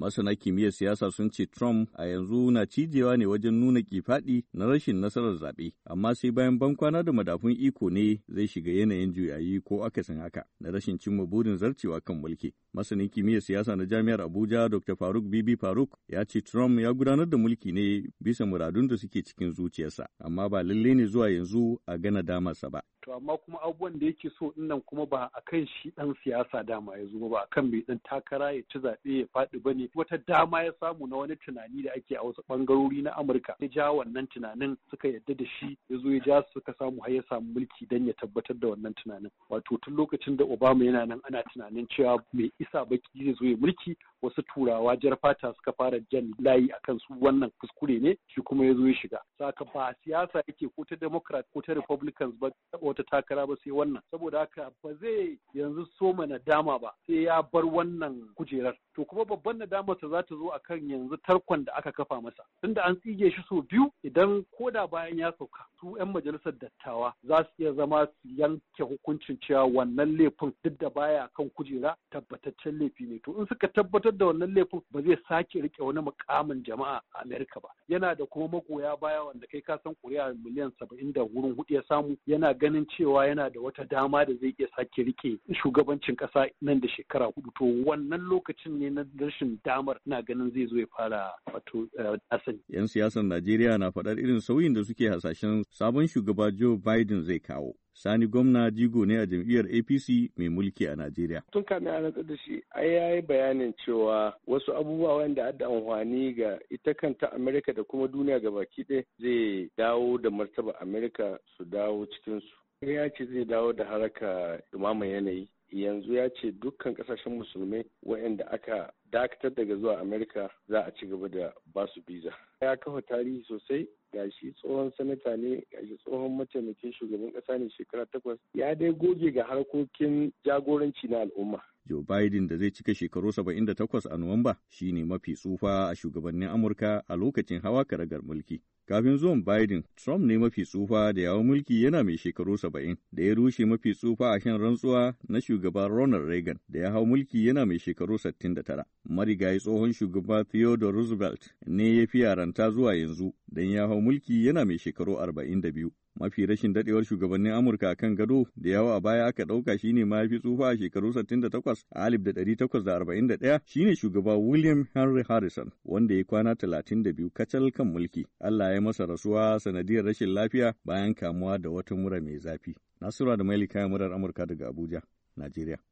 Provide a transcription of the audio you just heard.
Masana kimiyyar siyasa sun ce Trump a yanzu na cijewa ne wajen nuna kifaɗi na rashin nasarar zaɓe, amma sai bayan bankwana da madafun iko ne zai shiga yanayin juyayi ko akasin haka na rashin cimma burin zarcewa kan mulki. Masanin kimiyyar siyasa na Jami'ar Abuja Dr. Faruk Bibi Faruk ya ce Trump ya gudanar da mulki ne bisa muradun da suke cikin zuciyarsa, amma ba lalle ne zuwa yanzu a gana damarsa ba. to amma kuma abubuwan da yake so in nan kuma ba a kan shi dan siyasa dama ya zo ba a kan mai dan takara ya ci zaɓe ya faɗi ba ne wata dama ya samu na wani tunani da ake a wasu ɓangarori na amurka ya ja wannan tunanin suka yadda da shi ya zo ya ja su suka samu har ya samu mulki dan ya tabbatar da wannan tunanin wato tun lokacin da obama yana nan ana tunanin cewa mai isa baki zai zo ya mulki wasu turawa jar fata suka fara jan layi akan su wannan kuskure ne shi kuma ya zo ya shiga saka ba siyasa yake ko ta democrat ko ta republicans ba wata takara ba sai wannan saboda haka ba zai yanzu soma dama ba sai ya bar wannan kujerar to kuma babban nadamar ta za ta zo akan yanzu tarkon da aka kafa masa tunda an tsige shi sau biyu idan koda bayan ya sauka su 'yan majalisar dattawa za su iya zama su yanke hukuncin cewa wannan laifin duk da baya kan kujera tabbataccen laifi ne to in suka tabbatar da wannan laifin ba zai sake rike wani mukamin jama'a a Amerika ba yana da kuma magoya baya wanda kai ka san kuri'a miliyan saba'in da wurin hudu ya samu yana ganin ganin cewa yana da wata dama da zai iya sake rike shugabancin kasa nan da shekara hudu to wannan lokacin ne na rashin damar na ganin zai zo ya fara wato eh, asali. Yan siyasar Najeriya na faɗar irin sauyin da suke hasashen sabon shugaba Joe Biden zai kawo. Sani gwamna jigo ne a jam'iyyar APC mai mulki a Najeriya. Tun kamin a rantsar da shi, ai ya yi bayanin cewa wasu abubuwa wanda adda amfani ga ita kanta Amerika da kuma duniya ga baki ɗaya zai dawo da martaba Amerika su dawo cikinsu. Ya ce zai dawo da haraka dumaman yanayi, yanzu ya ce dukkan kasashen musulmai waɗanda aka dakatar daga zuwa amerika za a ci gaba da ba su biza ya kafa tarihi sosai gashi tsohon sanata ne gashi tsohon mataimakin shugaban ƙasa ne shekara takwas ya dai goge ga harkokin jagoranci na al'umma Joe Biden da zai cika shekaru 78 a Nuwamba shi ne mafi tsufa a shugabannin Amurka a lokacin hawa karagar mulki. Kafin zuwan Biden, Trump ne mafi tsufa da yawon mulki yana mai shekaru 70 da ya rushe mafi tsufa a shan rantsuwa na shugaba Ronald Reagan da ya hau mulki yana mai shekaru 69. Marigayi tsohon shugaba Theodore Roosevelt ne ya fi yaranta zuwa yanzu don ya hau mulki yana mai shekaru 42. mafi rashin dadewar shugabannin Amurka a kan gado da yawa a baya aka dauka shine mafi tsufa a shekaru 68 a 1841 shine shugaba William Henry Harrison wanda ya kwana 32 kacal kan mulki. Allah ya masa rasuwa sanadiyar rashin lafiya bayan kamuwa da wata mura mai zafi. Nasura da Mailika kayan murar Amurka daga Abuja, Najeriya.